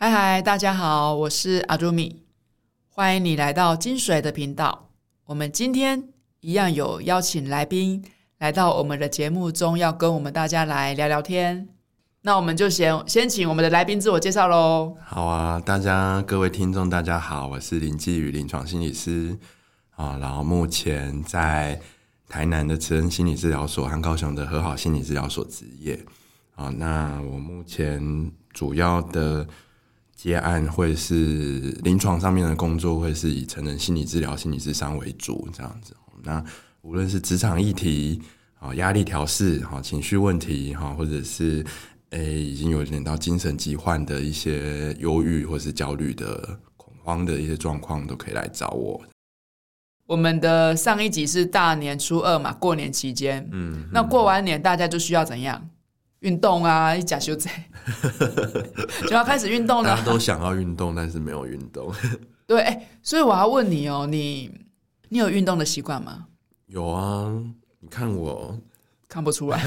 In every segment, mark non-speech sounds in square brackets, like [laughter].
嗨嗨，大家好，我是阿朱米，歡迎你來到金水的頻道。我們今天一樣有邀請來賓來到我們的節目中，要跟我們大家來聊聊天。那我們就先先請我們的來賓自我介紹嘍。好啊，大家各位聽眾，大家好，我是林紀宇，臨床心理師啊，然後目前在台南的慈恩心理治療所和高雄的和好心理治療所執業啊。那我目前主要的接案會是臨床上面的工作，會是以成人心理治療、心理諮商為主這樣子。那無論是職場議題、哈壓力調適、哈情緒問題、哈或者是誒已經有點到精神疾患的一些憂鬱或是焦慮的恐慌的一些狀況，都可以來找我。我們的上一集是大年初二嘛，過年期間，嗯，嗯，那過完年大家就需要怎樣？運動啊，假休整，就要開始運動了。大家都想要運動，但是沒有運動。對，所以我要問你哦、喔，你你有運動的習慣嗎？有啊，你看，我看不出來，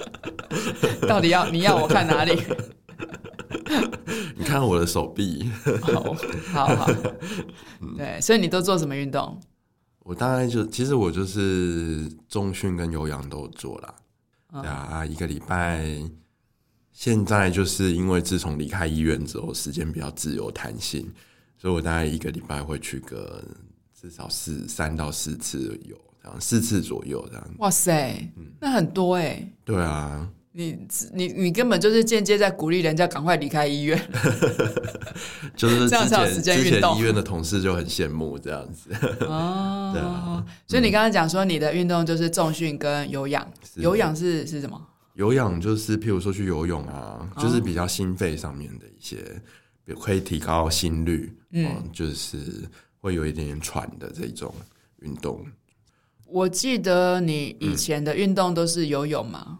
[laughs] 到底要你要我看哪裡？ [laughs] 你看我的手臂。 [laughs] oh, 好，好，對，所以你都做什麼運動、嗯？我大概就其實我就是重訓跟有氧都有做啦。對啊，一個禮拜。現在就是因為自從離開醫院之後，時間比較自由彈性，所以我大概一個禮拜會去個至少四三到四次有，這樣四次左右這樣。哇塞，嗯，那很多哎、欸。對啊。你你你根本就是間接在鼓勵人家趕快離開醫院， [laughs] 就是之 [laughs] 這樣才有時間運動。之前醫院的同事就很羨慕這樣子 [laughs] 哦，對啊。所以你剛剛講說你的運動就是重訓跟有氧，有氧是是什麼？有氧就是譬如說去游泳啊，就是比較心肺上面的一些，嗯、比如可以提高心率，嗯，嗯，就是會有一點點喘的這種運動。我記得你以前的運動都是游泳嗎？嗯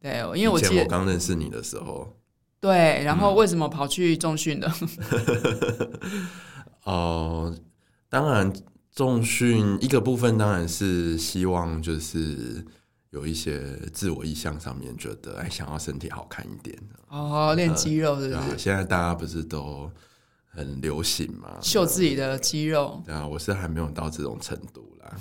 對，因為我記得我剛認識你的時候，對，然後為什麼跑去重訓呢？哦、嗯 [laughs] 呃，當然重訓一個部分當然是希望就是有一些自我意向上面覺得，哎，想要身體好看一點哦，練肌肉是不是？現在大家不是都很流行嘛，秀自己的肌肉。啊，我是還沒有到這種程度啦，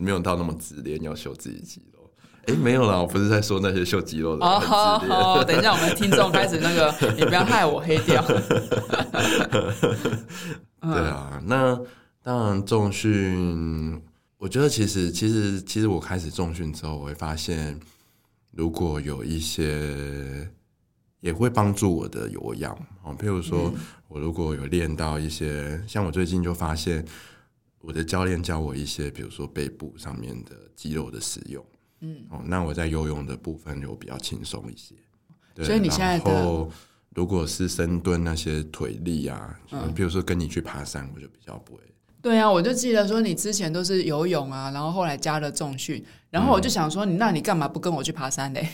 沒有到那麼自戀要秀自己肌肉。哎，沒有啦，我不是在說那些秀肌肉的。哦、oh，好，好，等一下，我們聽眾開始那個， [laughs] 你不要害我黑掉。 [laughs] [laughs] 對啊，那當然重訓，我覺得其實，其實，其實我開始重訓之後，我會發現，如果有一些也會幫助我的有氧哦，譬如說，我如果有練到一些、嗯，像我最近就發現，我的教練教我一些，比如說背部上面的肌肉的使用。嗯，哦，那我在游泳的部分就比較輕鬆一些。對，所以你現在的，然後如果是深蹲那些腿力啊，比如說跟你去爬山，嗯，我就比較不會。對啊，我就記得說你之前都是游泳啊，然後後來加了重訓，然後我就想說你，嗯，那你幹嘛不跟我去爬山呢？ [laughs]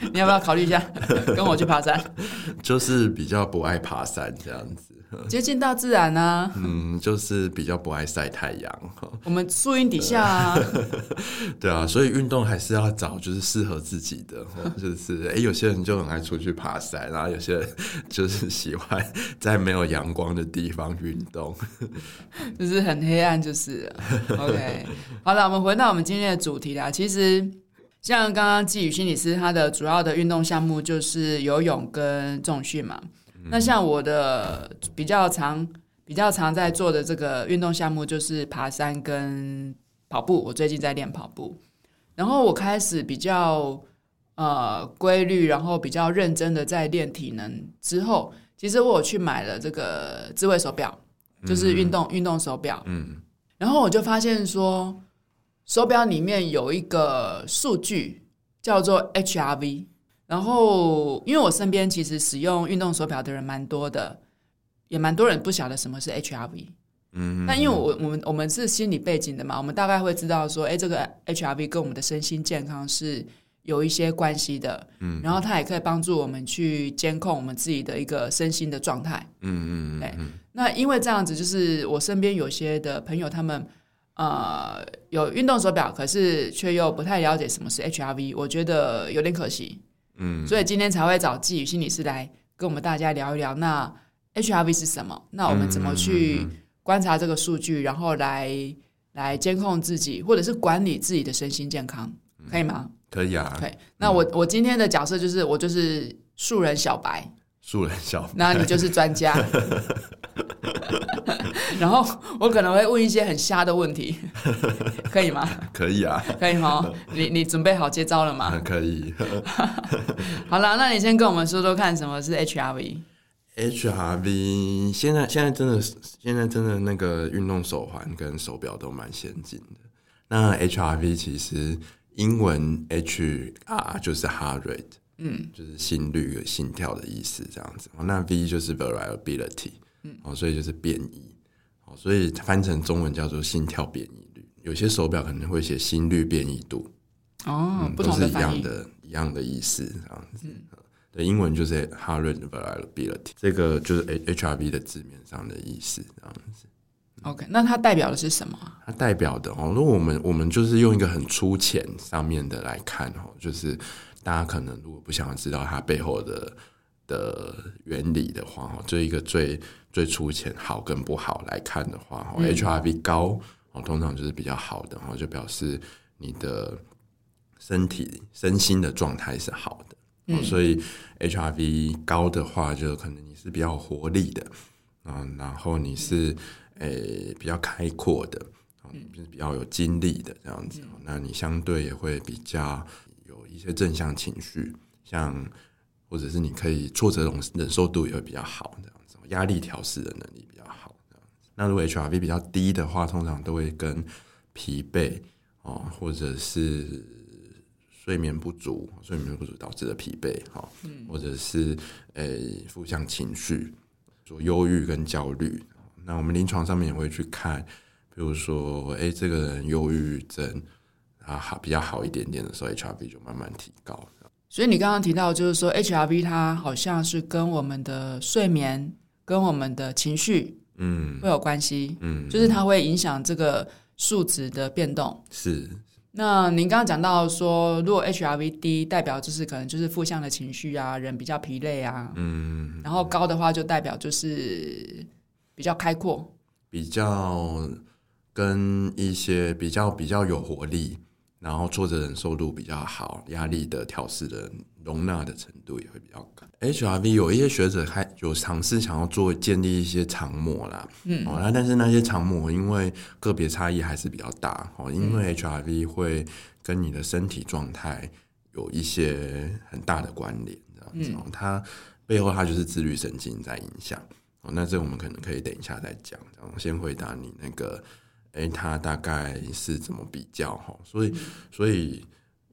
[laughs] 你要不要考慮一下 [laughs] 跟我去爬山？ [laughs] 就是比較不愛爬山這樣子。接近大自然呢、啊？嗯，就是比較不愛曬太陽。 [laughs] [laughs] 我們樹蔭底下啊。對啊， [laughs] 對啊，所以運動還是要找就是適合自己的， [laughs] 就是哎、欸，有些人就很愛出去爬山，然後有些人就是喜歡在沒有陽光的地方運動， [laughs] 就是很黑暗，就是。 [laughs] OK，好了，我們回到我們今天的主題啦。其實像剛剛紀宇心理師他的主要的運動項目就是游泳跟重訓嘛。那像我的比較常比較常在做的這個運動項目就是爬山跟跑步，我最近在練跑步，然後我開始比較呃規律，然後比較認真的在練體能之後，其實我有去買了這個智慧手表，就是運動、嗯、運動手表，嗯，然後我就發現說手表裡面有一個數據叫做 HRV。然後，因為我身邊其實使用運動手錶的人蠻多的，也蠻多人不曉得什麼是 HRV，嗯。嗯，那因為我我們我們是心理背景的嘛，我們大概會知道說，哎，這個 HRV 跟我們的身心健康是有一些關係的。嗯，然後它也可以幫助我們去監控我們自己的一個身心的狀態。嗯嗯嗯。哎，那因為這樣子，就是我身邊有些的朋友，他們呃有運動手錶，可是卻又不太了解什麼是 HRV，我覺得有點可惜。嗯，所以今天才會找紀宇心理師來跟我們大家聊一聊。那 HRV 是什麼？那我們怎麼去觀察這個數據，然後來來監控自己，或者是管理自己的身心健康，嗯、可以嗎？可以啊。對，那我、嗯、我今天的角色就是我就是素人小白。素人小，那你就是專家。 [laughs] 然後我可能會問一些很瞎的問題， [laughs] 可以嗎？可以啊，可以嗎？ [laughs] 你你準備好接招了嗎？嗯、可以。 [laughs] [laughs] 好了，那你先跟我們說說看，什麼是 H R V？H R V 現在現在真的是現在真的那個運動手環跟手錶都蠻先進的。那 H R V 其實英文 H R 就是 Heart Rate。嗯，就是心率、心跳的意思，這樣子。那 V 就是 Variability，嗯，所以就是變異，所以翻成中文叫做心跳變異率。有些手表可能會寫心率變異度，哦、嗯不同的，都是一樣的，一樣的意思，這樣子。的、嗯、英文就是 Heart Variability，這個就是 H R V 的字面上的意思，這樣子。OK，那它代表的是什麼？它代表的哦，如果我們我們就是用一個很粗淺上面的來看哦，就是。大家可能如果不想要知道它背後的的原理的話，這一個最最粗淺好跟不好來看的話，嗯、，HRV 高，哦，通常就是比較好的，就表示你的身體身心的狀態是好的，嗯嗯，所以 HRV 高的話，就可能你是比較活力的，嗯，然後你是誒、嗯欸、比較開闊的，嗯，就是比較有精力的這樣子，嗯、那你相對也會比較。一些正向情緒，像，或者是你可以挫折容忍受度，也會比較好，這樣子，壓力調試的能力比較好，這樣子。那如果 HRV 比較低的話，通常都會跟疲憊啊，或者是睡眠不足，睡眠不足導致的疲憊、嗯、或者是誒負向情緒，說憂鬱跟焦慮。那我們臨床上面也會去看，比如說，哎、欸，這個人憂鬱症。啊，好，比較好一點點的時候，HRV 就慢慢提高。所以你剛剛提到，就是說 HRV 它好像是跟我們的睡眠、跟我們的情緒，嗯，會有關係，嗯，就是它會影響這個數值的變動。是。那您剛剛講到說，如果 HRV 低，代表就是可能就是負向的情緒啊，人比較疲累啊。嗯。然後高的話，就代表就是比較開闊，比較跟一些比較比較有活力。然後，挫折忍受度比較好，壓力的調適的容納的程度也會比較高。HRV 有一些學者還有嘗試想要做建立一些常模啦，嗯，哦，那但是那些常模因為個別差異還是比較大，哦，因為 HRV 會跟你的身體狀態有一些很大的關聯，這樣子，嗯、它背後它就是自律神經在影響，哦，那這我們可能可以等一下再講，這樣先回答你那個。哎、欸，它大概是怎麼比較哈？所以，嗯、所以，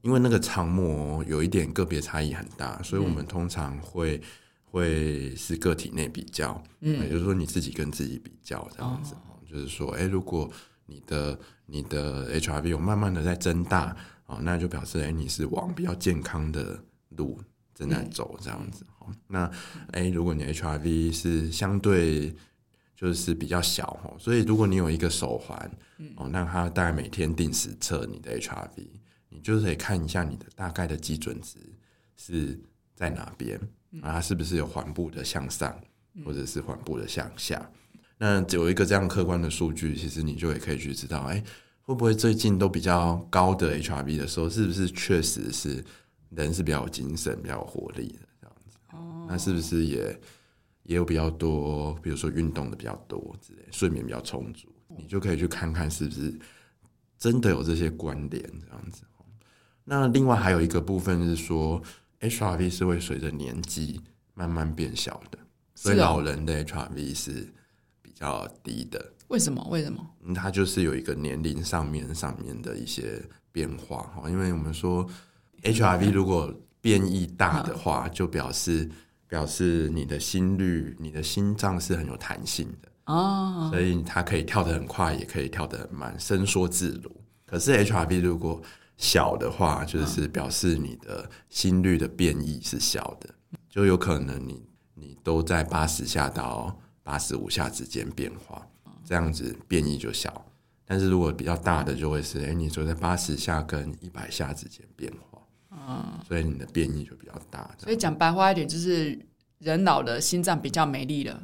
因為那個常模有一點個別差異很大，所以我們通常會、嗯、會是個體內比較，嗯，也就是說你自己跟自己比較這樣子。哦、嗯，就是說，哎、欸，如果你的你的 HRV 有慢慢的在增大，哦，那就表示哎、欸、你是往比較健康的路正在走這樣子。哦、嗯，那哎、欸，如果你 HRV 是相對。就是比較小吼，所以如果你有一個手環、嗯，哦，那它大概每天定時測你的 HRV，你就可以看一下你的大概的基準值，是在哪邊，然後它、嗯、是不是有緩步的向上，嗯、或者是緩步的向下？那有一個這樣客觀的數據，其實你就也可以去知道，哎、欸，會不會最近都比較高的 HRV 的時候，是不是確實是人是比較有精神、比較有活力的這樣子？哦，那是不是也？也有比較多，比如說運動的比較多之類，睡眠比較充足，你就可以去看看是不是真的有這些關聯這樣子。那另外還有一個部分是說，HRV 是會隨着年紀慢慢變小的、啊，所以老人的 HRV 是比較低的。為什麼？為什麼？它就是有一個年齡上面上面的一些變化，因為我們說 HRV 如果變異大的話，嗯、就表示。表示你的心率、你的心臟是很有彈性的哦，oh。所以它可以跳得很快，也可以跳得很慢，伸縮自如。可是 HRV 如果小的話，就是表示你的心率的變異是小的，oh。就有可能你你都在八十下到八十五下之間變化，這樣子變異就小。但是如果比較大的，就會是哎、欸，你說在八十下跟一百下之間變化。嗯，所以你的變異就比較大。所以講白話一點，就是人老了，心臟比較沒力了，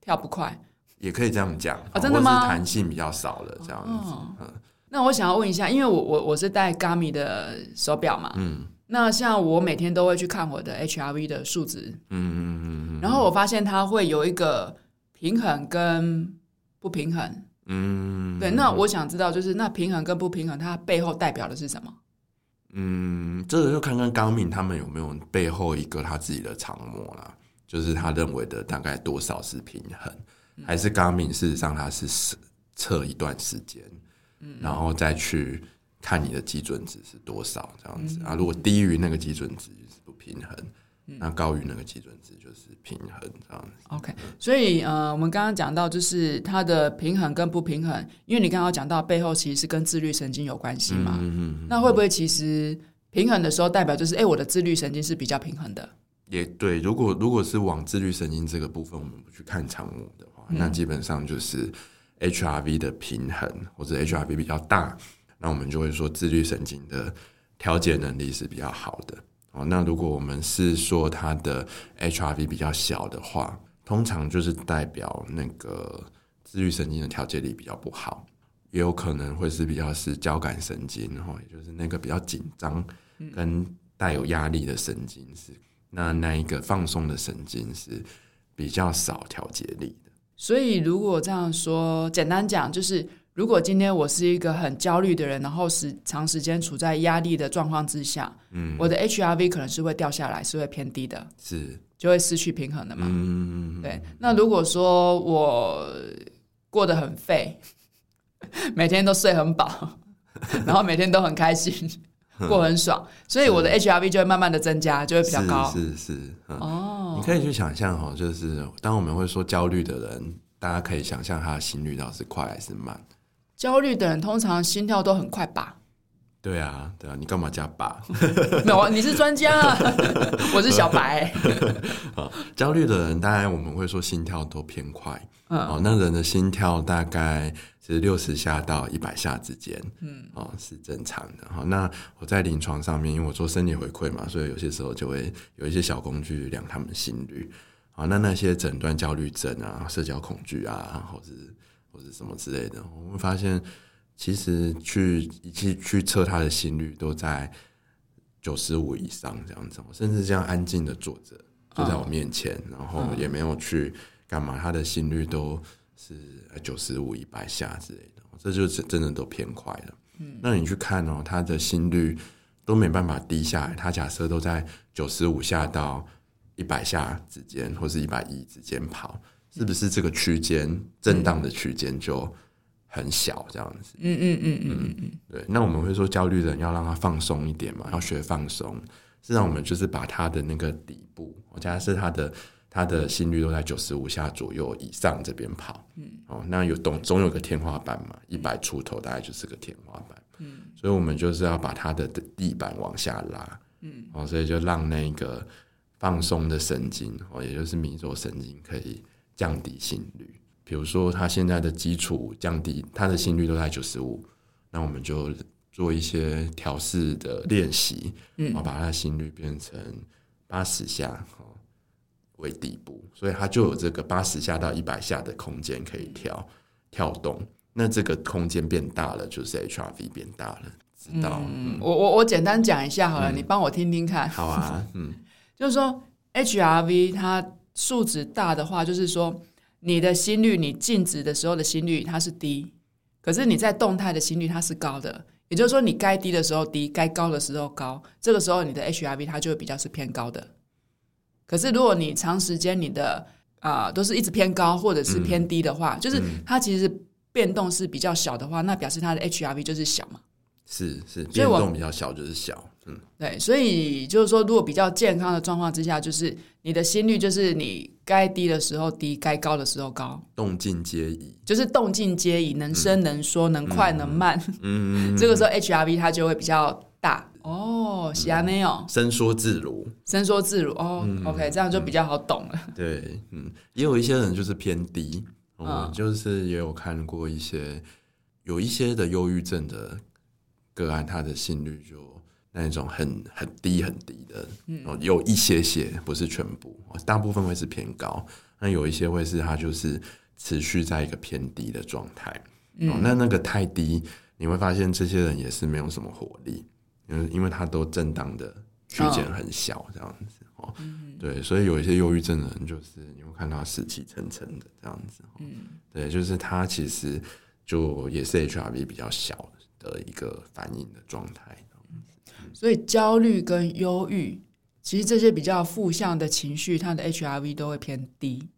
跳不快，也可以這樣講。啊、哦，真的嗎？或是彈性比較少了，這樣子。嗯、哦哦。那我想要問一下，因為我我我是戴 Garmin 的手錶嘛，嗯，那像我每天都會去看我的 HRV 的數值，嗯嗯嗯，然後我發現它會有一個平衡跟不平衡，嗯，對。那我想知道，就是那平衡跟不平衡，它背後代表的是什麼？嗯，這個就看看鋼敏他們有沒有背後一個他自己的常模啦，就是他認為的大概多少是平衡，嗯、還是鋼敏事實上他是測一段時間，嗯嗯，然後再去看你的基準值是多少這樣子，嗯嗯啊，如果低於那個基準值就是不平衡。那高於那個基準值就是平衡這樣子。OK，所以呃，我們剛剛講到就是它的平衡跟不平衡，因為你剛剛講到背後其實是跟自律神經有關係嘛。嗯嗯，嗯。那會不會其實平衡的時候代表就是，哎、欸，我的自律神經是比較平衡的？也對，如果如果是往自律神經這個部分我們不去看常模的話，嗯，那基本上就是 HRV 的平衡或者 HRV 比較大，那我們就會說自律神經的調節能力是比較好的。那如果我們是說它的 HRV 比較小的話，通常就是代表那個自律神經的調節力比較不好，也有可能會是比較是交感神經，然後也就是那個比較緊張跟帶有壓力的神經是，嗯，那那一個放鬆的神經是比較少調節力的。所以如果這樣說，簡單講就是。如果今天我是一個很焦慮的人，然後是長時間處在壓力的狀況之下，嗯，我的 HRV 可能是會掉下來，是會偏低的，是就會失去平衡的嘛。嗯，對。那如果說我過得很廢，每天都睡很飽， [laughs] 然後每天都很開心， [laughs] 過很爽，所以我的 HRV 就會慢慢的增加，就會比較高。是是，是、嗯、哦，你可以去想象哈，就是當我們會說焦慮的人，大家可以想象他的心率到底是快還是慢？焦慮的人通常心跳都很快吧？對啊，對啊，你幹嘛加“吧 [laughs] ”？沒有啊，你是專家啊， [laughs] 我是小白。 [laughs] 好，焦慮的人，當然我們會說心跳都偏快。嗯，哦，那人的心跳大概是六十下到一百下之間。嗯，哦，是正常的哈。那我在臨床上面，因為我做生理回饋嘛，所以有些時候就會有一些小工具量他們心率。好，那那些診斷焦慮症啊、社交恐懼啊，或者是。或者什麼之類的，我會發現其實去去去測他的心率都在九十五以上這樣子，甚至這樣安靜的坐着，坐在我面前，uh, 然後也沒有去幹嘛，他的心率都是九十五一百下之類的，這就是真的都偏快了。嗯，那你去看哦，他的心率都沒辦法低下來，他假設都在九十五下到一百下之間，或是一百一之間跑。是不是這個區間，震盪的區間就很小這樣子？嗯嗯嗯嗯嗯，對。那我們會說焦慮的人要讓他放鬆一點嘛，要學放鬆。事實上我們就是把他的那個底部，我假設是他的他的心率都在九十五下左右以上這邊跑。嗯。哦，那有總總有個天花板嘛，一百出頭大概就是個天花板。嗯，所以我們就是要把他的地板往下拉。嗯哦，所以就讓那個放鬆的神經哦，也就是迷走神經可以降低心率，比如說他現在的基礎降低，他的心率都在九十五，那我們就做一些調適的練習，嗯，然後把他的心率變成八十下，哈、哦、為底部，所以他就有這個八十下到一百下的空間可以跳跳動，那這個空間變大了，就是 H R V 變大了，知道？嗯嗯、我我我簡單講一下好了，嗯、你幫我聽聽看，好啊，嗯， [laughs] 就是說 H R V 它。數值大的話，就是說你的心率，你靜止的時候的心率它是低，可是你在動態的心率它是高的，也就是說你該低的時候低，該高的時候高，這個時候你的 H R V 它就會比較是偏高的。可是如果你長時間你的啊、呃、都是一直偏高或者是偏低的話，就是它其實變動是比較小的話，那表示它的 H R V 就是小嘛、嗯嗯。是是，變動比較小就是小。嗯，對，所以就是說，如果比較健康的狀況之下，就是你的心率就是你該低的時候低，該高的時候高，動靜皆宜，就是動靜皆宜，能伸能縮、嗯，能快能慢，嗯，嗯 [laughs] 這個時候 HRV 它就會比較大、嗯、哦。喜安沒有伸縮自如，伸縮自如哦、嗯。OK，這樣就比較好懂了、嗯嗯。對，嗯，也有一些人就是偏低，啊、嗯，我就是也有看過一些有一些的憂鬱症的個案，他的心率就。那一種很很低很低的、嗯，有一些些不是全部，大部分會是偏高，那有一些會是它就是持續在一個偏低的狀態，哦、嗯，那那個太低，你會發現這些人也是沒有什麼活力，因因為他都震盪的區間很小，這樣子哦，對，所以有一些憂鬱症的人就是你會看他死氣沉沉的這樣子、嗯，對，就是他其實就也是 HRV 比較小的一個反應的狀態。所以焦慮跟憂鬱，其實這些比較負向的情緒，它的 HRV 都會偏低。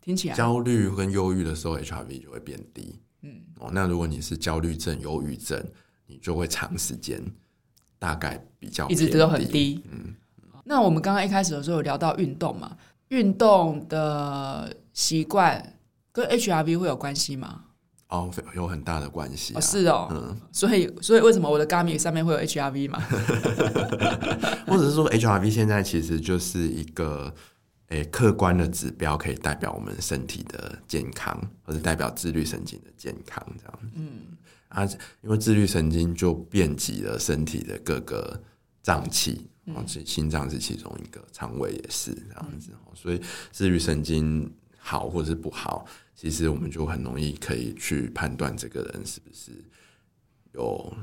聽起來，焦慮跟憂鬱的時候，HRV 就會變低。嗯，哦，那如果你是焦慮症、憂鬱症，你就會長時間，大概比較低一直都很低。嗯，那我們剛剛一開始的時候有聊到運動嘛，運動的習慣跟 HRV 會有關係嗎？哦、oh，有很大的關係，啊哦？是哦。嗯，所以，所以為什麼我的咖米上面會有 H R V 嘛？ [laughs] 或者是說 H R V 現在其實就是一個誒、欸、客觀的指標，可以代表我們身體的健康，或者代表自律神經的健康這樣。嗯啊，因為自律神經就遍及了身體的各個臟器，嗯哦，心臟是其中一個，腸胃也是這樣子。嗯，所以自律神經。好或是不好，其實我們就很容易可以去判斷這個人是不是有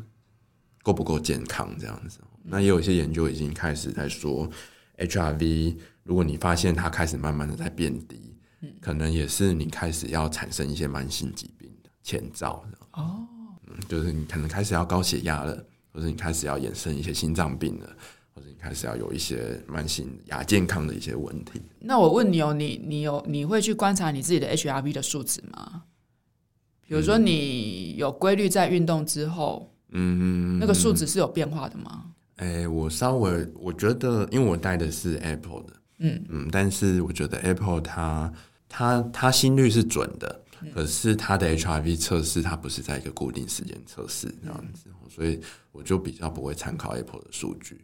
夠不夠健康這樣子。嗯、那也有一些研究已經開始在說、嗯、，HRV，如果你發現它開始慢慢的在變低、嗯，可能也是你開始要產生一些慢性疾病的前兆，哦、嗯，就是你可能開始要高血壓了，或者你開始要衍生一些心臟病了。或者你開始要有一些慢性亞健康的一些問題。那我問你哦，你你有你會去觀察你自己的 H R V 的數值嗎？比如說你有規律在運動之後，嗯，那個數值是有變化的嗎？哎，我稍微我覺得，因為我戴的是 Apple 的，嗯嗯，但是我覺得 Apple 它它它心率是準的，可是它的 H R V 測試它不是在一個固定時間測試這樣子、嗯，所以我就比較不會參考 Apple 的數據。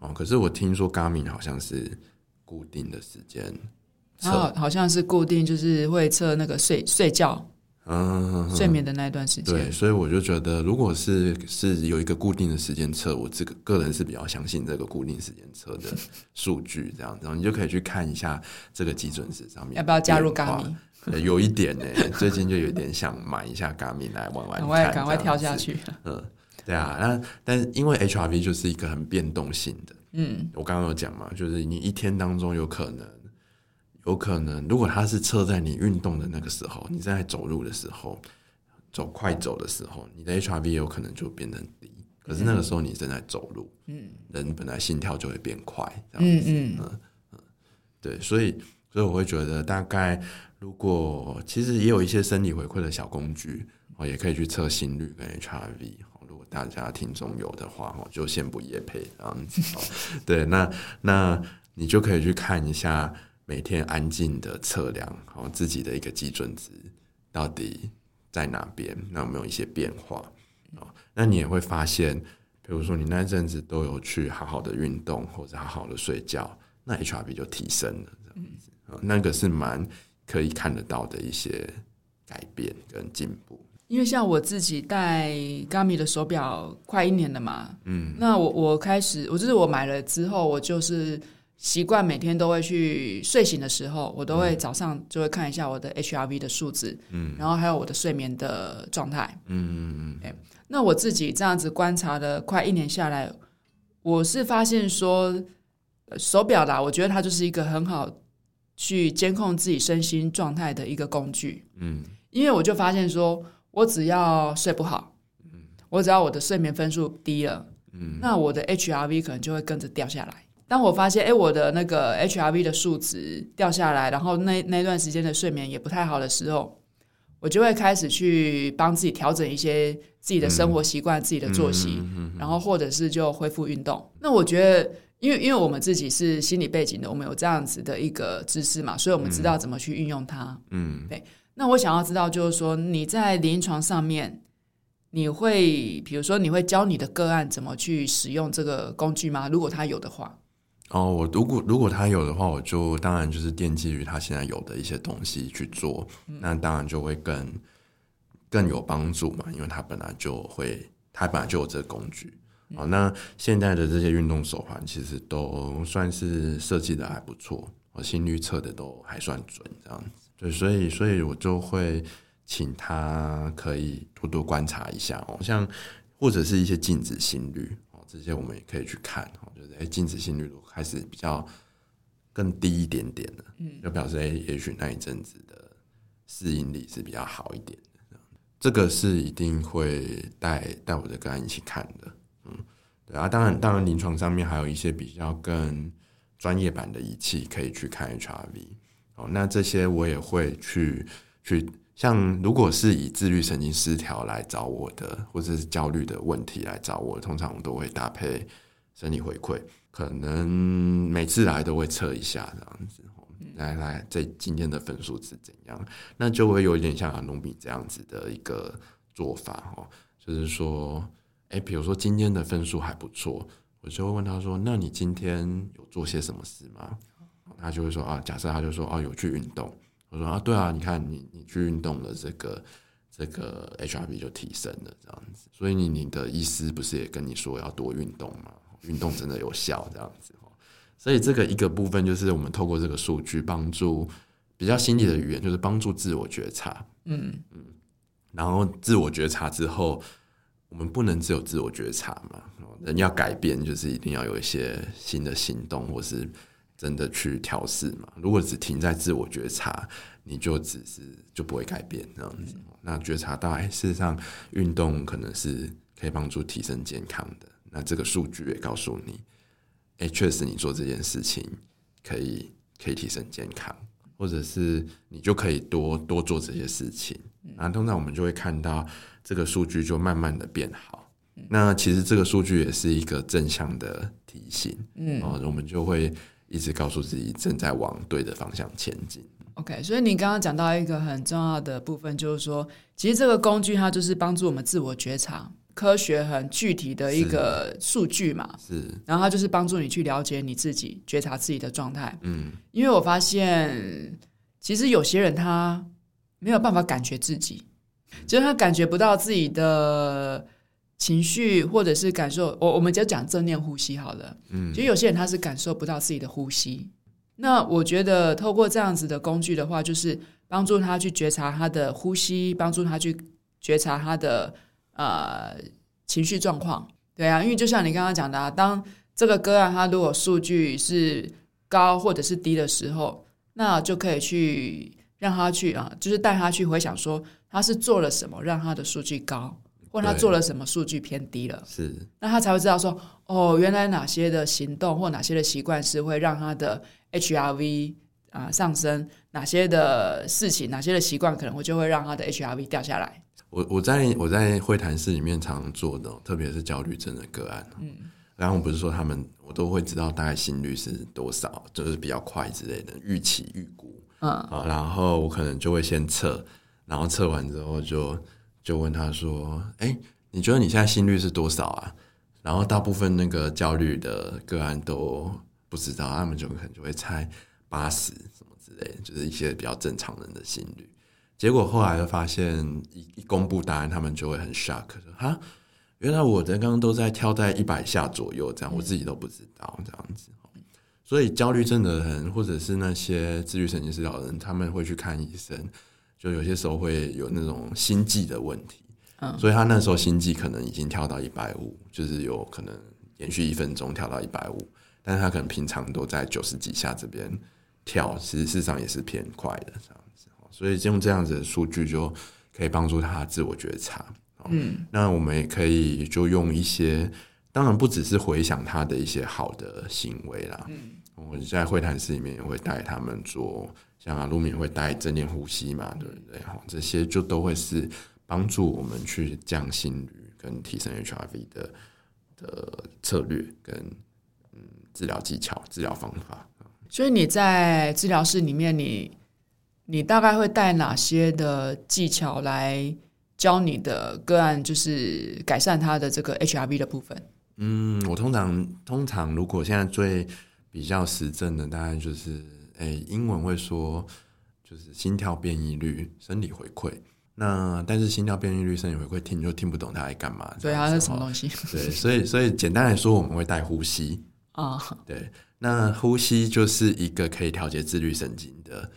哦，可是我聽說 Garmin 好像是固定的時間測，好像是固定，就是會測那個睡睡覺，嗯嗯，嗯，睡眠的那一段時間。對，所以我就覺得，如果是是有一個固定的時間測，我這個個人是比較相信這個固定時間測的數據。這樣子，然後你就可以去看一下這個基準值上面。要不要加入 Garmin？有一點呢， [laughs] 最近就有點想買一下 Garmin 來玩玩。趕快趕快跳下去。嗯。對啊，那但因為 H R V 就是一個很變動性的，嗯，我剛剛有講嘛，就是你一天當中有可能，有可能，如果它是測在你運動的那個時候，你正在走路的時候，走快走的時候，你的 H R V 有可能就變得低，可是那個時候你正在走路，嗯，人本來心跳就會變快，這樣子嗯嗯嗯嗯，對，所以所以我會覺得大概，如果其實也有一些生理回饋的小工具，哦，也可以去測心率跟 H R V。大家聽眾有的話，就先不業配這樣子，對，那那你就可以去看一下每天安靜的測量，自己的一個基準值到底在哪邊，那有沒有一些變化？哦，那你也會發現，比如說你那一陣子都有去好好的運動或者好好的睡覺，那 HRV 就提升了，那個是蠻可以看得到的一些改變跟進步。因為像我自己戴 Garmin 的手錶快一年了嘛，嗯，那我我開始，我就是我買了之後，我就是習慣每天都會去睡醒的時候，我都會早上就會看一下我的 HRV 的數字，嗯，然後還有我的睡眠的狀態，嗯嗯嗯，那我自己這樣子觀察了快一年下來，我是發現說手錶啦，我覺得它就是一個很好去監控自己身心狀態的一個工具，嗯，因為我就發現說。我只要睡不好，我只要我的睡眠分數低了，嗯，那我的 HRV 可能就會跟着掉下來。當我發現，哎、欸，我的那個 HRV 的數值掉下來，然後那那段時間的睡眠也不太好的時候，我就會開始去幫自己調整一些自己的生活習慣、嗯、自己的作息、嗯、嗯、嗯，然後或者是就恢復運動。那我覺得，因為因為我們自己是心理背景的，我們有這樣子的一個知識嘛，所以我們知道怎麼去運用它。嗯，對。那我想要知道，就是說你在臨床上面，你會比如說你會教你的個案怎麼去使用這個工具嗎？如果他有的話，哦，我如果如果他有的話，我就當然就是奠基於他現在有的一些東西去做，嗯、那當然就會更更有幫助嘛，因為他本來就會，他本來就有這個工具。嗯、好，那現在的這些運動手環其實都算是設計的還不錯，我心率測的都還算準這樣。對，所以所以我就會請他可以多多觀察一下哦，像或者是一些靜止心率哦，這些我們也可以去看哦。就是哎，靜止心率開始比較更低一點點的，嗯，就表示哎，也許那一陣子的適應力是比較好一點的。這個是一定會帶帶我的個案一起看的，嗯，對啊，當然當然，臨床上面還有一些比較更專業版的儀器可以去看 HRV。哦，那這些我也會去去，像如果是以自律神經失調來找我的，或者是，是焦慮的問題來找我，通常我都會搭配生理回饋，可能每次來都會測一下這樣子，來、嗯、來，這今天的分數是怎樣，那就會有一點像阿農比這樣子的一個做法哦，就是說，哎、欸，比如說今天的分數還不錯，我就會問他說，那你今天有做些什麼事嗎？他就會說啊，假設他就說啊，有去運動。我說啊，對啊，你看你你去運動的這個這個 HRV 就提升了這樣子。所以你你的意思不是也跟你說要多運動嗎？運動真的有效這樣子。所以這個一個部分就是我們透過這個數據幫助比較心理的語言，就是幫助自我覺察。嗯嗯，然後自我覺察之後，我們不能只有自我覺察嘛，人要改變就是一定要有一些新的行動或是。真的去調試嘛？如果只停在自我覺察，你就只是就不會改變這樣子。那覺察到，哎、欸，事實上運動可能是可以幫助提升健康的。那這個數據也告訴你，哎、欸，確實你做這件事情可以可以提升健康，或者是你就可以多多做這些事情。嗯啊、那通常我們就會看到這個數據就慢慢的變好。嗯、那其實這個數據也是一個正向的提醒。嗯，哦、我們就會。一直告訴自己正在往對的方向前進。OK，所以你剛剛講到一個很重要的部分，就是說，其實這個工具它就是幫助我們自我覺察，科學很具體的一個數據嘛。是，是然後它就是幫助你去了解你自己，覺察自己的狀態。嗯，因為我發現，其實有些人他沒有辦法感覺自己，嗯、就是他感覺不到自己的。情緒或者是感受，我我們就講正念呼吸好了。嗯，其實有些人他是感受不到自己的呼吸，那我覺得透過這樣子的工具的話，就是幫助他去覺察他的呼吸，幫助他去覺察他的呃情緒狀況。對啊，因為就像你剛剛講的，啊，當這個個案啊，他如果數據是高或者是低的時候，那就可以去讓他去啊、呃，就是帶他去回想說他是做了什麼讓他的數據高。問他做了什麼，數據偏低了，是，那他才會知道說，哦，原來哪些的行動或哪些的習慣是會讓他的 H R V 啊、呃、上升，哪些的事情，哪些的習慣可能會就會讓他的 H R V 掉下來。我我在我在會談室裡面常常做的，特別是焦慮症的個案，嗯，然後我不是說他們，我都會知道大概心率是多少，就是比較快之類的，預期預估，嗯，好，然後我可能就會先測，然後測完之後就。就問他說：“哎、欸，你覺得你現在心率是多少啊？”然後大部分那個焦慮的個案都不知道，他們就可能就會猜八十什麼之類，就是一些比較正常人的心率。結果後來就發現一一公布答案，他們就會很 shock 說哈，原來我的剛剛都在跳在一百下左右，這樣我自己都不知道這樣子。”所以焦慮症的人，或者是那些自律神經失調人，他們會去看醫生。就有些時候會有那種心悸的問題。哦，所以他那時候心悸可能已經跳到一百五，就是有可能延續一分鐘跳到一百五，但是他可能平常都在九十幾下這邊跳，其實事實上也是偏快的這樣子，所以用這樣子的數據就可以幫助他自我覺察。嗯，那我們也可以就用一些，當然不只是回想他的一些好的行為啦，嗯我在會談室裡面也會帶他們做，像阿露米會帶正念呼吸嘛，對不對？這些就都會是幫助我們去降心率跟提升 HRV 的的策略跟嗯治療技巧、治療方法。所以你在治療室裡面你，你你大概會帶哪些的技巧來教你的個案，就是改善他的這個 HRV 的部分？嗯，我通常通常如果現在最比較實證的，大概就是，誒、欸，英文會說就是心跳變異率、生理回饋。那但是心跳變異率、生理回饋聽你就聽不懂它在幹嘛。對啊，是什麼東西？對，所以所以簡單來說，我們會帶呼吸啊。 [laughs] 對，那呼吸就是一個可以調節自律神經的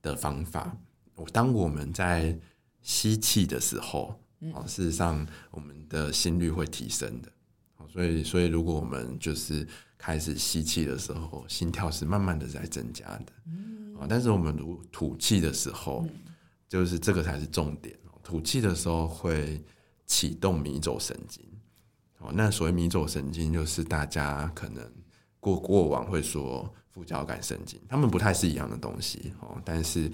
的方法。我當我們在吸氣的時候、嗯，事實上我們的心率會提升的。所以所以如果我們就是。開始吸氣的時候，心跳是慢慢的在增加的，嗯、但是我們如吐氣的時候、嗯，就是這個才是重點。吐氣的時候會啟動迷走神經，那所謂迷走神經就是大家可能過過往會說副交感神經，他們不太是一樣的東西，但是，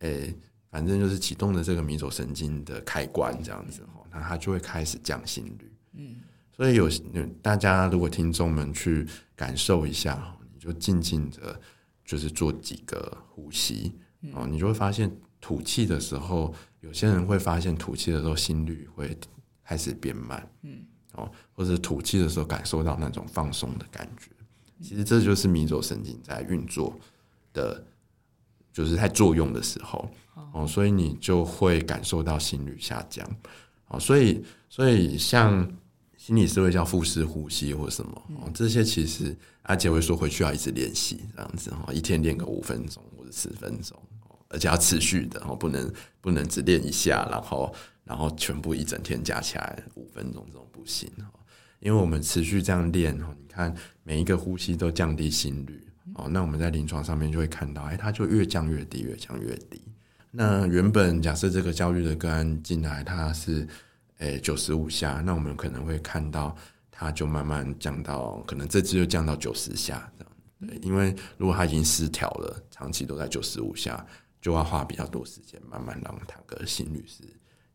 欸、反正就是啟動了這個迷走神經的開關，這樣子，那它就會開始降心率，嗯所以有大家如果聽眾們去感受一下，你就靜靜的，就是做幾個呼吸哦、嗯，你就會發現吐氣的時候，有些人會發現吐氣的時候心率會開始變慢，嗯，哦，或者吐氣的時候感受到那種放鬆的感覺、嗯，其實這就是迷走神經在運作的，就是在作用的時候哦，所以你就會感受到心率下降，哦，所以所以像、嗯。心理師會叫腹式呼吸或者什麼這些，其實阿姐會說回去要一直練習這樣子，一天練個五分鐘或者十分鐘，而且要持續的，不能不能只練一下，然後然後全部一整天加起來五分鐘這種不行，因為我們持續這樣練，你看每一個呼吸都降低心率，那我們在臨床上面就會看到，欸，它就越降越低，越降越低。那原本假設這個焦慮的個案進來，它是。誒、欸，九十五下，那我們可能會看到它就慢慢降到，可能這次又降到九十下這樣。對，因為如果它已經失調了，長期都在九十五下，就要花比較多時間慢慢讓他的心率是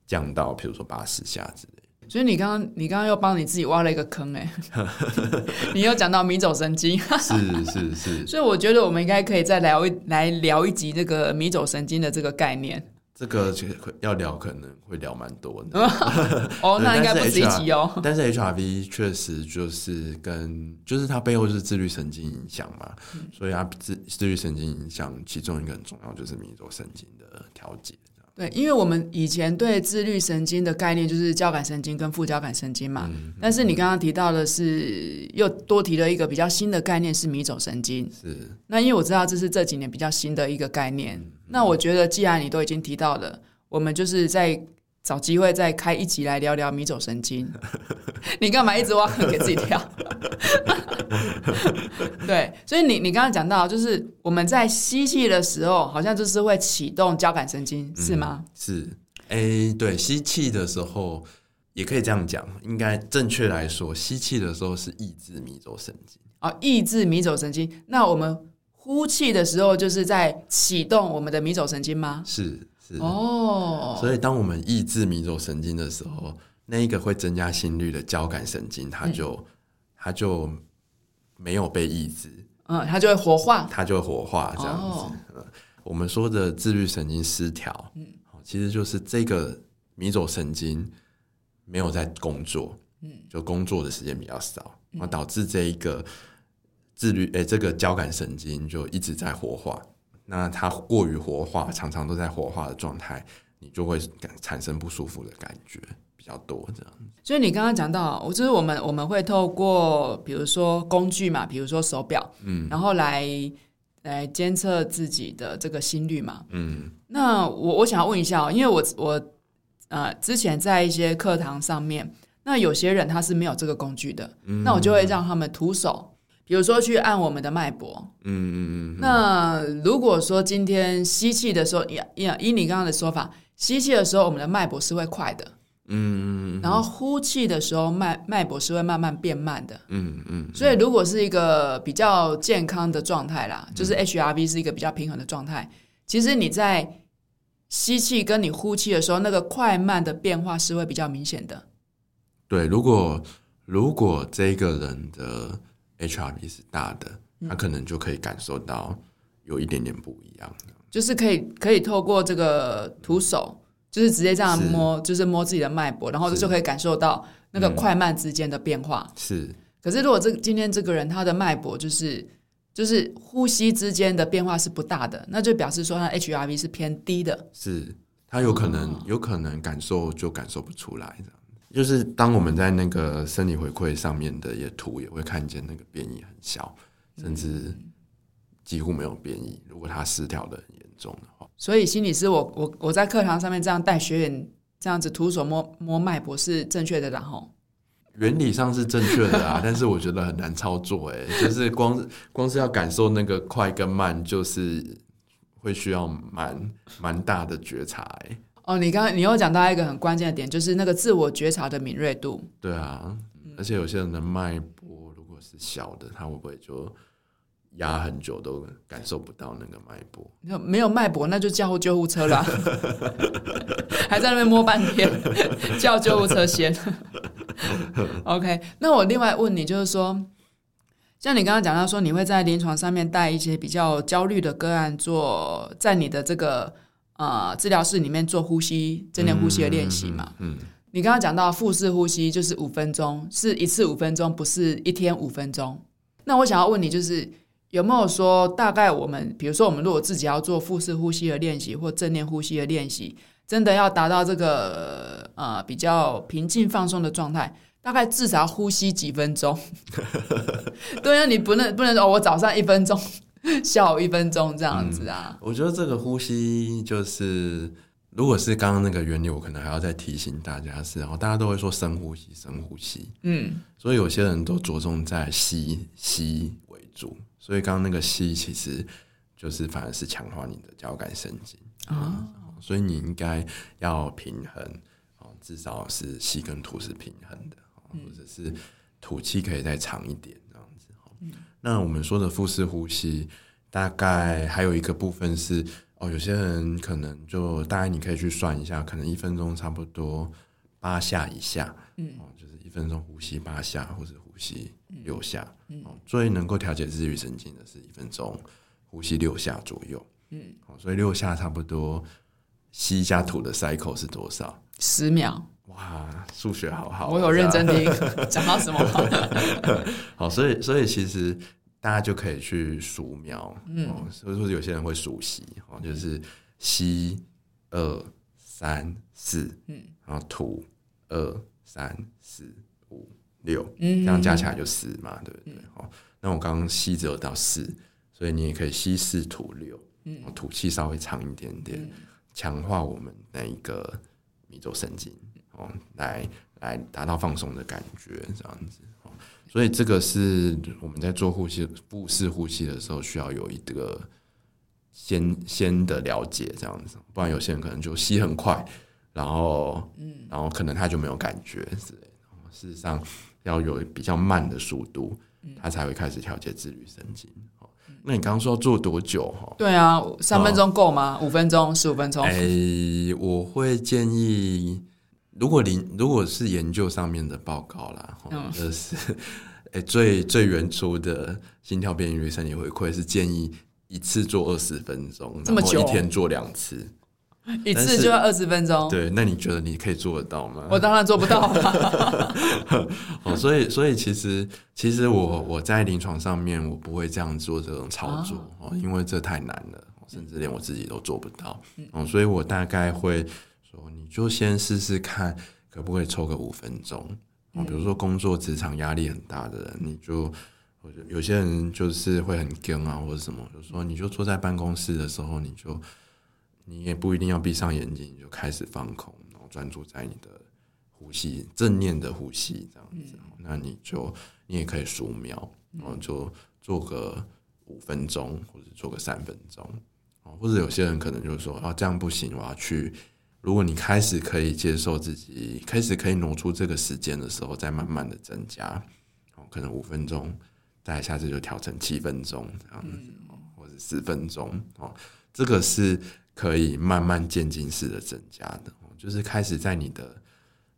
降到，譬如說八十下之類。所以你剛剛，你剛剛又幫你自己挖了一個坑、欸，哎， [laughs] [laughs] 你又講到迷走神經， [laughs] 是是是。所以我覺得我們應該可以再聊一來聊一集這個迷走神經的這個概念。這個要聊可能會聊蠻多的， [laughs] [laughs] 哦，那應該不是一 r 哦，但是 HRV 確實就是跟就是它背後就是自律神經影響嘛、嗯，所以它自自律神經影響其中一個很重要就是迷走神經的調節。對，因為我們以前對自律神經的概念就是交感神經跟副交感神經嘛、嗯，但是你剛剛提到的是又多提了一個比較新的概念是迷走神經。是，那因為我知道這是這幾年比較新的一個概念，嗯、那我覺得既然你都已經提到了，嗯、我們就是再找機會再開一集來聊聊迷走神經。 [laughs] 你幹嘛一直挖坑給自己跳？ [laughs] [laughs] [laughs] 對，所以你你剛剛講到，就是我們在吸氣的時候，好像就是會啟動交感神經，嗯、是嗎？是，哎、欸，對，吸氣的時候也可以這樣講，應該正確來說，吸氣的時候是抑制迷走神經，哦，抑制迷走神經。那我們呼氣的時候，就是在啟動我們的迷走神經嗎？是是哦，所以當我們抑制迷走神經的時候，那一個會增加心率的交感神經，它就、嗯、它就。沒有被抑制，嗯，它就會活化，它就會活化這樣子，哦。我們說的自律神經失調，嗯，其實就是這個迷走神經沒有在工作，嗯，就工作的時間比較少，啊、嗯，然後導致這一個自律，誒、欸，這個交感神經就一直在活化。那它過於活化，常常都在活化的狀態，你就會感產生不舒服的感覺。比較多這樣子，所以你剛剛講到，我就是我們我們會透過比如說工具嘛，比如說手錶，嗯，然後來來監測自己的這個心率嘛，嗯。那我我想要問一下，因為我我呃之前在一些課堂上面，那有些人他是沒有這個工具的，嗯。那我就會讓他們徒手，比如說去按我們的脈搏，嗯嗯嗯。那如果說今天吸氣的時候，呀呀，以你剛剛的說法，吸氣的時候我們的脈搏是會快的。嗯嗯嗯，然後呼氣的時候，脈脈搏是會慢慢變慢的。嗯嗯，嗯。所以如果是一個比較健康的狀態啦、嗯，就是 HRV 是一個比較平衡的狀態、嗯，其實你在吸氣跟你呼氣的時候，那個快慢的變化是會比較明顯的。對，如果如果這個人的 HRV 是大的、嗯，他可能就可以感受到有一點點不一樣。就是可以可以透過這個徒手。就是直接這樣摸，是就是摸自己的脈搏，然後就可以感受到那個快慢之間的變化、嗯。是，可是如果這今天這個人他的脈搏就是就是呼吸之間的變化是不大的，那就表示說他 HRV 是偏低的。是，他有可能、哦、有可能感受就感受不出來，這樣。就是當我們在那個生理回饋上面的也圖也會看見那個變異很小，甚至幾乎沒有變異。如果他失調的。所以，心理師我，我我我在課堂上面這樣帶學員，這樣子徒手摸摸脈搏是正確的，的，然後原理上是正確的啊， [laughs] 但是我覺得很難操作，哎，就是光光是要感受那個快跟慢，就是會需要蠻蠻大的覺察哎。哦，你剛你又講到一個很關鍵的點，就是那個自我覺察的敏銳度。對啊，而且有些人的脈搏如果是小的，他會不會就？壓很久都感受不到那個脈搏，那沒有脈搏那就叫救護車了，還在那邊摸半天，叫救護車先。OK，那我另外問你，就是說，像你剛剛講到說，你會在臨床上面帶一些比較焦慮的個案做，在你的這個呃治療室裡面做呼吸、正念呼吸的練習嘛？嗯，你剛剛講到腹式呼吸就是五分鐘，是一次五分鐘，不是一天五分鐘。那我想要問你，就是。有沒有說大概我們，比如說我們如果自己要做腹式呼吸的練習或正念呼吸的練習，真的要達到這個呃比較平靜放鬆的狀態，大概至少呼吸幾分鐘？ [laughs] [laughs] 對呀、啊，你不能不能說、哦、我早上一分鐘，下午一分鐘這樣子啊、嗯。我覺得這個呼吸就是，如果是剛剛那個原理，我可能還要再提醒大家是，然、哦、後大家都會說深呼吸，深呼吸，嗯，所以有些人都着重在吸吸為主，所以剛剛那個吸，其實就是反而是強化你的交感神經啊、哦嗯，所以你應該要平衡，至少是吸跟吐是平衡的，嗯、或者是吐氣可以再長一點這樣子。嗯、那我們說的腹式呼吸，大概還有一個部分是哦，有些人可能就大概你可以去算一下，可能一分鐘差不多八下以下，哦、嗯，就是一分鐘呼吸八下，或是呼吸。嗯、六下，哦、嗯，最能夠調節自律神經的是一分鐘呼吸六下左右，嗯，所以六下差不多吸加吐的 cycle 是多少？十秒。哇，數學好好，我有認真聽，啊，講到什麼？ [laughs] [laughs] 好，所以所以其實大家就可以去數秒，嗯，嗯，所以說有些人會數息，哦，就是吸二三四，嗯，然後吐二三四五。六，這樣加起來就十嘛、嗯，對不對？哦、嗯，那我剛剛吸着到四，所以你也可以吸四吐六，嗯，吐氣稍微長一點點，嗯、強化我們那一個迷走神經哦、嗯，來來達到放鬆的感覺，這樣子所以這個是我們在做呼吸腹式呼,呼吸的時候需要有一個先先的了解，這樣子，不然有些人可能就吸很快，然後嗯，然後可能他就沒有感覺之類，事實上。要有比較慢的速度，它才會開始調節自律神經、嗯。那你剛剛說做多久？哈，對啊，三分鐘夠嗎、哦？五分鐘、十五分鐘、欸？我會建議，如果你如果是研究上面的報告啦，嗯、就是、欸、最最原初的心跳變異率神經回饋是建議一次做二十分鐘、嗯，然後一天做兩次。一次就要二十分鐘，對，那你覺得你可以做得到嗎？我當然做不到 [laughs] 哦，所以，所以其實，其實我我在臨床上面，我不會這樣做這種操作、啊、哦，因為這太難了，甚至連我自己都做不到。嗯、哦，所以我大概會說，你就先試試看，可不可以抽個五分鐘、哦。比如說工作職場壓力很大的人，你就，我就有些人就是會很跟啊，或者什麼，就說你就坐在辦公室的時候，你就。你也不一定要閉上眼睛，你就開始放空，然後專注在你的呼吸，正念的呼吸這樣子。嗯、那你就，你也可以數秒，然後就做個五分鐘，或者做個三分鐘。哦，或者有些人可能就是說啊，這樣不行，我要去。如果你開始可以接受自己，開始可以挪出這個時間的時候，再慢慢的增加。哦，可能五分鐘，再下次就調成七分鐘這樣子，嗯、或者十分鐘。哦，這個是。可以慢慢漸進式的增加的，就是開始在你的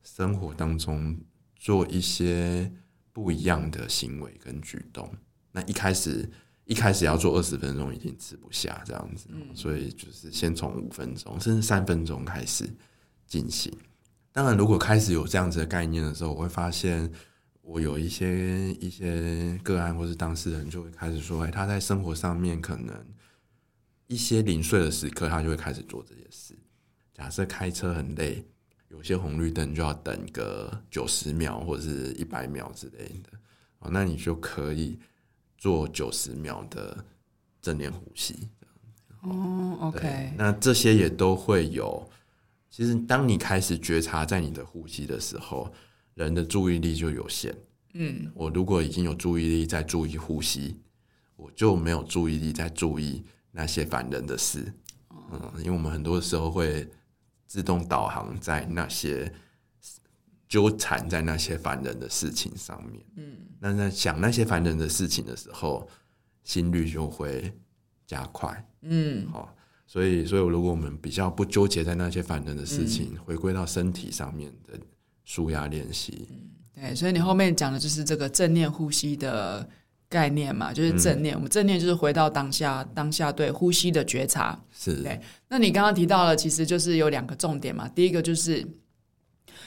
生活當中做一些不一樣的行為跟舉動。那一開始一開始要做二十分鐘已經吃不下這樣子，嗯、所以就是先從五分鐘甚至三分鐘開始進行。當然，如果開始有這樣子的概念的時候，我會發現我有一些一些個案或是當事人就會開始說：“哎、欸，他在生活上面可能。”一些零碎的時刻，他就會開始做這件事。假設開車很累，有些紅綠燈就要等個九十秒或者是一百秒之類的，哦，那你就可以做九十秒的正念呼吸。哦，OK，那這些也都會有。其實，當你開始覺察在你的呼吸的時候，人的注意力就有限。嗯，我如果已經有注意力在注意呼吸，我就沒有注意力在注意。那些煩人的事，嗯，因為我們很多時候會自動導航在那些糾纏在那些煩人的事情上面，嗯，但在想那些煩人的事情的時候，心率就會加快，嗯，好、哦，所以，所以如果我們比較不糾結在那些煩人的事情，嗯、回歸到身體上面的舒壓練習，嗯，對，所以你後面講的就是這個正念呼吸的。概念嘛，就是正念、嗯。我們正念就是回到當下，當下對呼吸的覺察。是。對。那你剛剛提到了，其實就是有兩個重點嘛。第一個就是，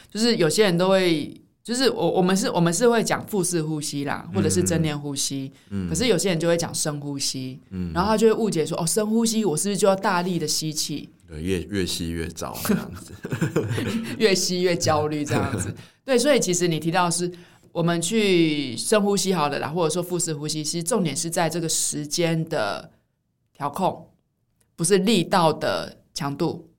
就是有些人都會，就是我我們是我們是會講腹式呼吸啦、嗯，或者是正念呼吸。嗯。可是有些人就會講深呼吸。嗯。然後他就會誤解說：“哦，深呼吸，我是不是就要大力的吸氣？”對，越越吸越糟、啊、這樣子， [laughs] [laughs] 越吸越焦慮這樣子。對，所以其實你提到是。我們去深呼吸好了啦，或者說腹式呼吸，其實重點是在這個時間的調控，不是力道的強度。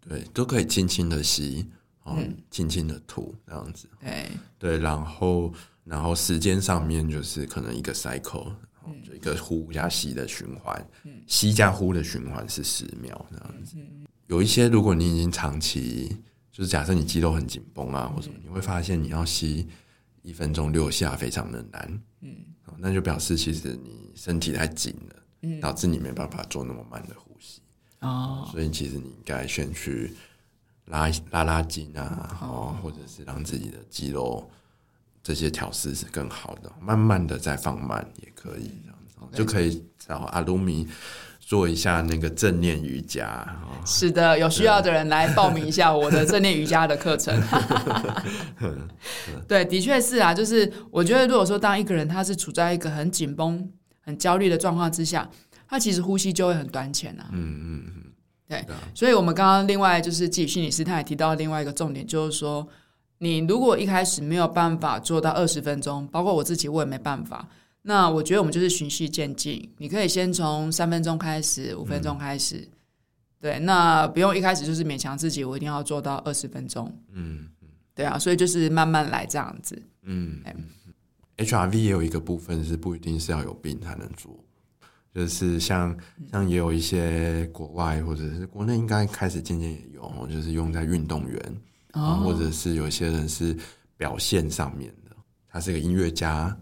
對，都可以輕輕的吸，嗯，輕輕的吐，這樣子。對、嗯、對，然後然後時間上面就是可能一個 cycle，、嗯、就一個呼加吸的循環，嗯、吸加呼的循環是十秒這樣子、嗯。有一些如果你已經長期，就是假設你肌肉很緊繃啊、嗯，或什麼，你會發現你要吸。一分鐘六下非常的難，嗯、哦，那就表示其實你身體太緊了、嗯，導致你沒辦法做那麼慢的呼吸，哦，嗯、所以其實你應該先去拉拉拉筋啊，哦、嗯，或者是讓自己的肌肉這些調適是更好的、嗯，慢慢的再放慢也可以，嗯、這樣子、嗯嗯、就可以找阿魯米。做一下那個正念瑜伽，哦，是的，有需要的人來報名一下我的正念瑜伽的課程。 [laughs] 對，的確是啊，就是我覺得，如果說當一個人他是處在一個很緊繃、很焦慮的狀況之下，他其實呼吸就會很短淺、啊、嗯嗯嗯，對。嗯、所以，我們剛剛另外就是紀宇心理師，他也提到另外一個重點，就是說，你如果一開始沒有辦法做到二十分鐘，包括我自己，我也沒辦法。那我覺得我們就是循序漸進，你可以先從三分鐘開始，五分鐘開始。嗯，對，那不用一開始就是勉強自己，我一定要做到二十分鐘。嗯對啊，所以就是慢慢來這樣子嗯。嗯，H R V 也有一個部分是不一定是要有病才能做，就是像像也有一些國外或者是國內應該開始漸漸也有，就是用在運動員，或者是有些人是表現上面的，他是個音樂家。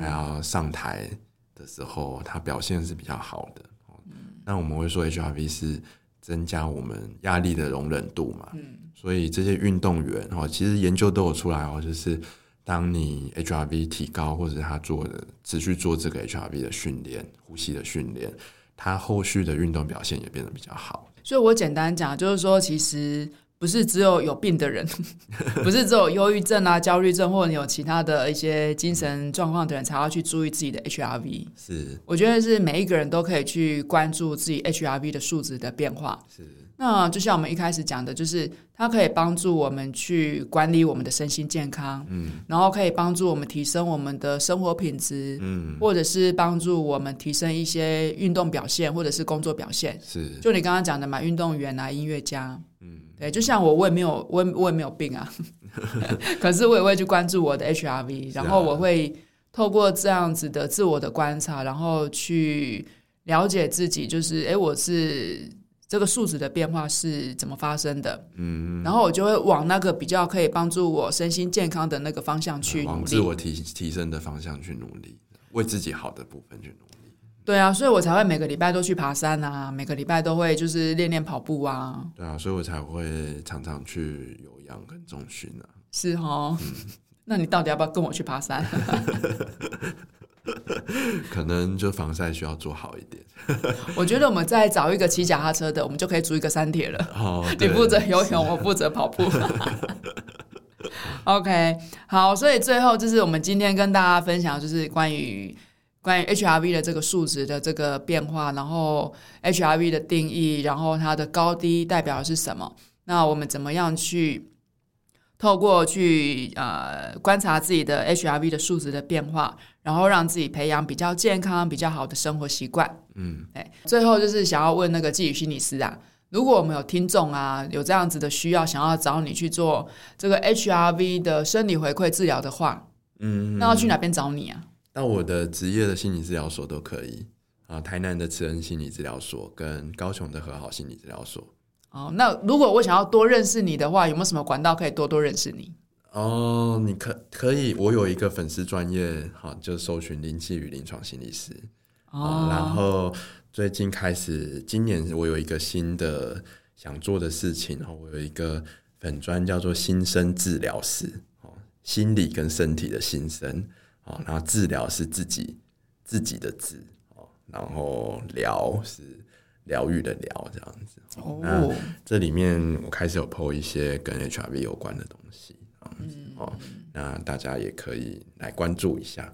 還要上台的時候，他表現是比較好的。嗯。那我們會說，HRV 是增加我們壓力的容忍度嘛？嗯。所以這些運動員哦，其實研究都有出來哦，就是當你 HRV 提高，或者他做的持續做這個 HRV 的訓練、呼吸的訓練，他後續的運動表現也變得比較好。所以我簡單講，就是說，其實。不是只有有病的人， [laughs] 不是只有憂鬱症啊、 [laughs] 焦慮症，或者你有其他的一些精神狀況的人才要去注意自己的 H R V。是，我覺得是每一個人都可以去關注自己 H R V 的數值的變化。是。那就像我們一開始講的，就是它可以幫助我們去管理我們的身心健康，嗯，然後可以幫助我們提升我們的生活品質，嗯，或者是幫助我們提升一些運動表現，或者是工作表現。是。就你剛剛講的嘛，運動員啊，音樂家，嗯。誒，就像我，我也沒有，我我也沒有病啊！ [laughs] [laughs] 可是我也會去關注我的 HRV，Yeah. 然後我會透過這樣子的自我的觀察，然後去了解自己，就是誒，我是這個數值的變化是怎麼發生的，嗯，然後我就會往那個比較可以幫助我身心健康的那個方向去努力，往自我提提升的方向去努力，為自己好的部分去努力。嗯對啊，所以我才會每個禮拜都去爬山啊，每個禮拜都會就是練練跑步啊。對啊，所以我才會常常去有氧跟重訓啊。是哦，嗯，那你到底要不要跟我去爬山？ [laughs] [laughs] 可能就防曬需要做好一點。 [laughs] 我覺得我們再找一個騎腳踏車的，我們就可以組一個三鐵了。Oh, [laughs] 你負責游泳，啊，我負責跑步。 [laughs] OK，好，所以最後就是我們今天跟大家分享的就是關於。關於 HRV 的這個數值的這個變化，然後 HRV 的定義，然後它的高低代表的是什麼？那我們怎麼樣去透過去呃觀察自己的 HRV 的數值的變化，然後讓自己培養比較健康、比較好的生活習慣？嗯，欸，最後就是想要問那個紀宇心理師啊，如果我們有聽眾啊，有這樣子的需要，想要找你去做這個 HRV 的生理回饋治療的話，嗯，嗯，那要去哪邊找你啊？那我的職業的心理治療所都可以啊，台南的慈恩心理治療所跟高雄的和好心理治療所哦。那如果我想要多認識你的話，有沒有什麼管道可以多多認識你？哦，你可可以，我有一個粉絲專業，哈、啊，就搜尋林紀宇臨床心理師哦、啊。然後最近開始，今年我有一個新的想做的事情，然後我有一個粉專叫做心身治療室，哦，心理跟身體的心身。哦，然後治療是自己自己的治哦，然後療是療癒的療這樣子。哦、oh.，這裡面我開始有 po 一些跟 HRV 有關的東西嗯，哦、mm.，那大家也可以來關注一下。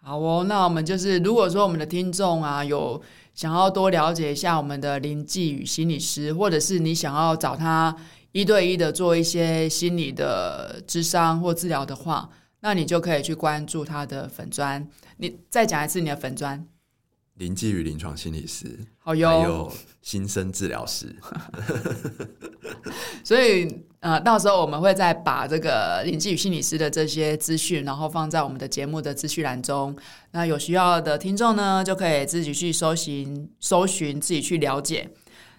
好哦，那我們就是如果說我們的聽眾啊有想要多了解一下我們的林紀宇心理師，或者是你想要找他一對一的做一些心理的諮商或治療的話，那你就可以去關注他的粉專，你再講一次你的粉專。林紀宇臨床心理師，好喲，還有心身自療室。 [laughs] [laughs] 所以，呃，到時候我們會再把這個林紀宇心理師的這些資訊，然後放在我們的節目的資訊欄中。那有需要的聽眾呢，就可以自己去搜尋、搜尋，自己去了解。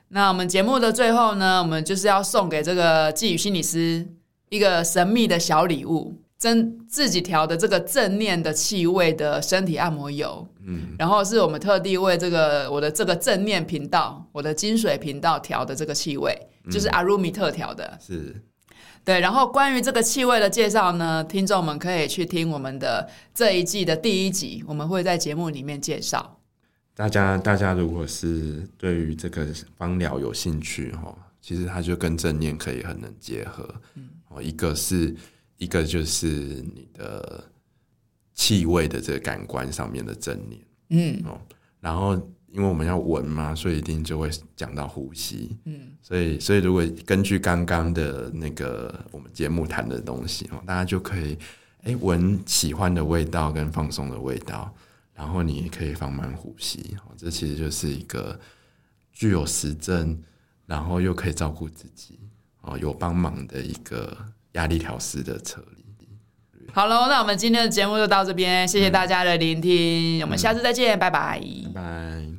那我們節目的最後呢，我們就是要送給這個紀宇心理師一個神秘的小禮物。自己調的這個正念的氣味的身體按摩油，嗯，然後是我們特地為這個我的這個正念頻道、我的金水頻道調的這個氣味，嗯、就是阿魯米特調的，是對。然後關於這個氣味的介紹呢，聽眾們可以去聽我們的這一季的第一集，我們會在節目裡面介紹。大家，大家如果是對於這個芳療有興趣，其實它就跟正念可以很能結合，嗯，哦，一個是。一個就是你的氣味的這個感官上面的正念，嗯，然後因為我們要聞嘛，所以一定就會講到呼吸，嗯，所以所以如果根據剛剛的那個我們節目談的東西，大家就可以哎聞喜歡的味道跟放鬆的味道，然後你可以放慢呼吸，這其實就是一個具有實證，然後又可以照顧自己哦，有幫忙的一個。壓力條試的撤離。好了。那我們今天的節目就到這邊，謝謝大家的聆聽，嗯、我們下次再見，嗯、拜拜，拜拜。